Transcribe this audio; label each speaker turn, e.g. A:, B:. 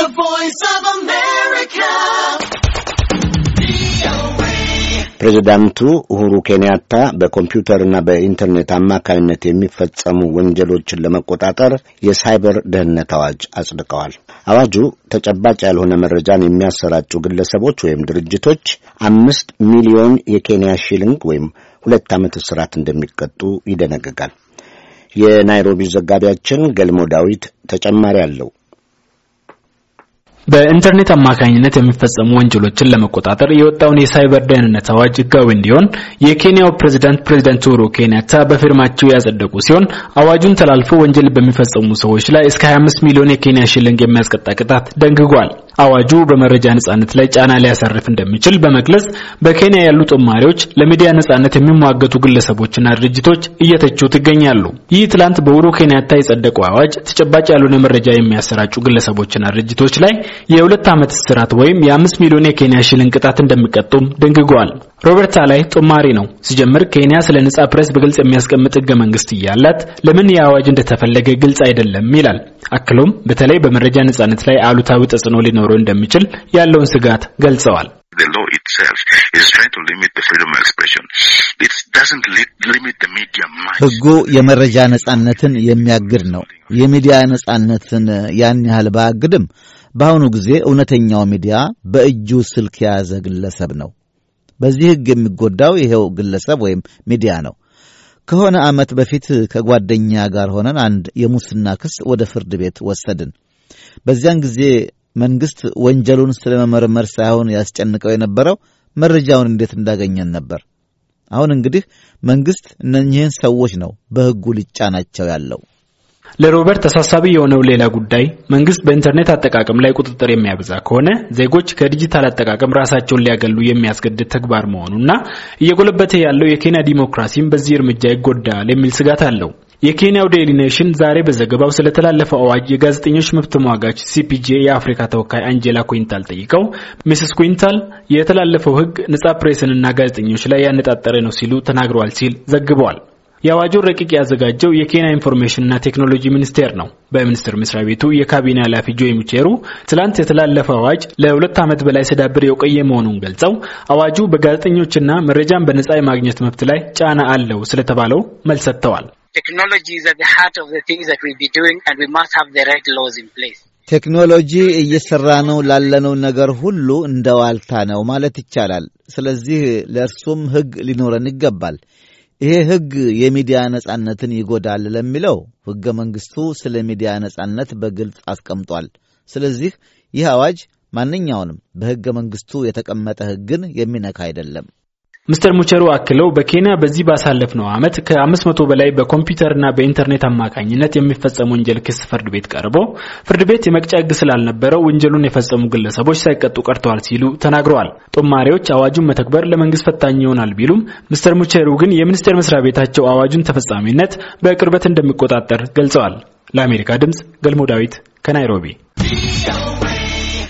A: The Voice of America.
B: ፕሬዚዳንቱ ኡሁሩ ኬንያታ በኮምፒውተርና በኢንተርኔት አማካኝነት የሚፈጸሙ ወንጀሎችን ለመቆጣጠር የሳይበር ደህንነት አዋጅ አጽድቀዋል። አዋጁ ተጨባጭ ያልሆነ መረጃን የሚያሰራጩ ግለሰቦች ወይም ድርጅቶች አምስት ሚሊዮን የኬንያ ሺሊንግ ወይም ሁለት ዓመት እስራት እንደሚቀጡ ይደነግጋል። የናይሮቢ ዘጋቢያችን ገልሞ ዳዊት ተጨማሪ አለው።
C: በኢንተርኔት አማካኝነት የሚፈጸሙ ወንጀሎችን ለመቆጣጠር የወጣውን የሳይበር ደህንነት አዋጅ ህጋዊ እንዲሆን የኬንያው ፕሬዚዳንት ፕሬዝዳንት ኡሁሩ ኬንያታ በፊርማቸው ያጸደቁ ሲሆን አዋጁን ተላልፎ ወንጀል በሚፈጸሙ ሰዎች ላይ እስከ 25 ሚሊዮን የኬንያ ሽልንግ የሚያስቀጣ ቅጣት ደንግጓል። አዋጁ በመረጃ ነጻነት ላይ ጫና ሊያሳርፍ እንደሚችል በመግለጽ በኬንያ ያሉ ጦማሪዎች ለሚዲያ ነጻነት የሚሟገቱ ግለሰቦችና ድርጅቶች እየተቹት ይገኛሉ። ይህ ትላንት በኡሁሩ ኬንያታ የጸደቀው አዋጅ ተጨባጭ ያልሆነ መረጃ የሚያሰራጩ ግለሰቦችና ድርጅቶች ላይ የሁለት ዓመት እስራት ወይም የአምስት ሚሊዮን የኬንያ ሽልን ቅጣት እንደሚቀጡም ደንግጓል። ሮበርት ላይ ጦማሪ ነው። ሲጀምር ኬንያ ስለ ነጻ ፕሬስ በግልጽ የሚያስቀምጥ ህገ መንግስት እያላት ለምን ይህ አዋጅ እንደተፈለገ ግልጽ አይደለም ይላል። አክሎም በተለይ በመረጃ ነጻነት ላይ አሉታዊ ተጽዕኖ ሊኖረው እንደሚችል ያለውን ስጋት ገልጸዋል። ህጉ የመረጃ
A: ነጻነትን የሚያግድ ነው። የሚዲያ ነጻነትን ያን ያህል ባያግድም በአሁኑ ጊዜ እውነተኛው ሚዲያ በእጁ ስልክ የያዘ ግለሰብ ነው። በዚህ ሕግ የሚጎዳው ይሄው ግለሰብ ወይም ሚዲያ ነው። ከሆነ ዓመት በፊት ከጓደኛ ጋር ሆነን አንድ የሙስና ክስ ወደ ፍርድ ቤት ወሰድን። በዚያን ጊዜ መንግሥት ወንጀሉን ስለ መመርመር ሳይሆን ያስጨንቀው የነበረው መረጃውን እንዴት እንዳገኘን ነበር። አሁን እንግዲህ መንግሥት እነኚህን ሰዎች ነው በሕጉ ሊጫናቸው ያለው።
C: ለሮበርት ተሳሳቢ የሆነው ሌላ ጉዳይ መንግስት በኢንተርኔት አጠቃቀም ላይ ቁጥጥር የሚያበዛ ከሆነ ዜጎች ከዲጂታል አጠቃቀም ራሳቸውን ሊያገሉ የሚያስገድድ ተግባር መሆኑና እየጎለበተ ያለው የኬንያ ዲሞክራሲም በዚህ እርምጃ ይጎዳል የሚል ስጋት አለው። የኬንያው ዴይሊ ኔሽን ዛሬ በዘገባው ስለተላለፈው አዋጅ የጋዜጠኞች መብት ተሟጋች ሲፒጄ የአፍሪካ ተወካይ አንጀላ ኩንታል ጠይቀው ሚስስ ኩንታል የተላለፈው ህግ ነጻ ፕሬስንና ጋዜጠኞች ላይ ያነጣጠረ ነው ሲሉ ተናግረዋል ሲል ዘግበዋል። የአዋጁን ረቂቅ ያዘጋጀው የኬንያ ኢንፎርሜሽንና ቴክኖሎጂ ሚኒስቴር ነው። በሚኒስቴር መስሪያ ቤቱ የካቢኔ ኃላፊ ጆይ ሙቼሩ ትላንት የተላለፈው አዋጅ ለሁለት ዓመት በላይ ሲዳብር የቆየ መሆኑን ገልጸው አዋጁ በጋዜጠኞችና መረጃን በነጻ የማግኘት መብት ላይ ጫና አለው ስለተባለው መልስ ሰጥተዋል። ቴክኖሎጂ
A: እየሰራ ነው ላለነው ነገር ሁሉ እንደ ዋልታ ነው ማለት ይቻላል። ስለዚህ ለእርሱም ሕግ ሊኖረን ይገባል። ይሄ ሕግ የሚዲያ ነጻነትን ይጎዳል ለሚለው ሕገ መንግሥቱ ስለ ሚዲያ ነጻነት በግልጽ አስቀምጧል። ስለዚህ ይህ አዋጅ ማንኛውንም በሕገ መንግሥቱ የተቀመጠ ሕግን የሚነካ አይደለም።
C: ሚስተር ሙቸሩ አክለው በኬንያ በዚህ ባሳለፍነው ዓመት ከ500 በላይ በኮምፒውተርና በኢንተርኔት አማካኝነት የሚፈጸም ወንጀል ክስ ፍርድ ቤት ቀርቦ ፍርድ ቤት የመቅጫ ሕግ ስላልነበረው ወንጀሉን የፈጸሙ ግለሰቦች ሳይቀጡ ቀርተዋል ሲሉ ተናግረዋል። ጦማሪዎች አዋጁን መተግበር ለመንግስት ፈታኝ ይሆናል ቢሉም ሚስተር ሙቸሩ ግን የሚኒስቴር መስሪያ ቤታቸው አዋጁን ተፈጻሚነት በቅርበት እንደሚቆጣጠር ገልጸዋል። ለአሜሪካ ድምፅ ገልሞ ዳዊት ከናይሮቢ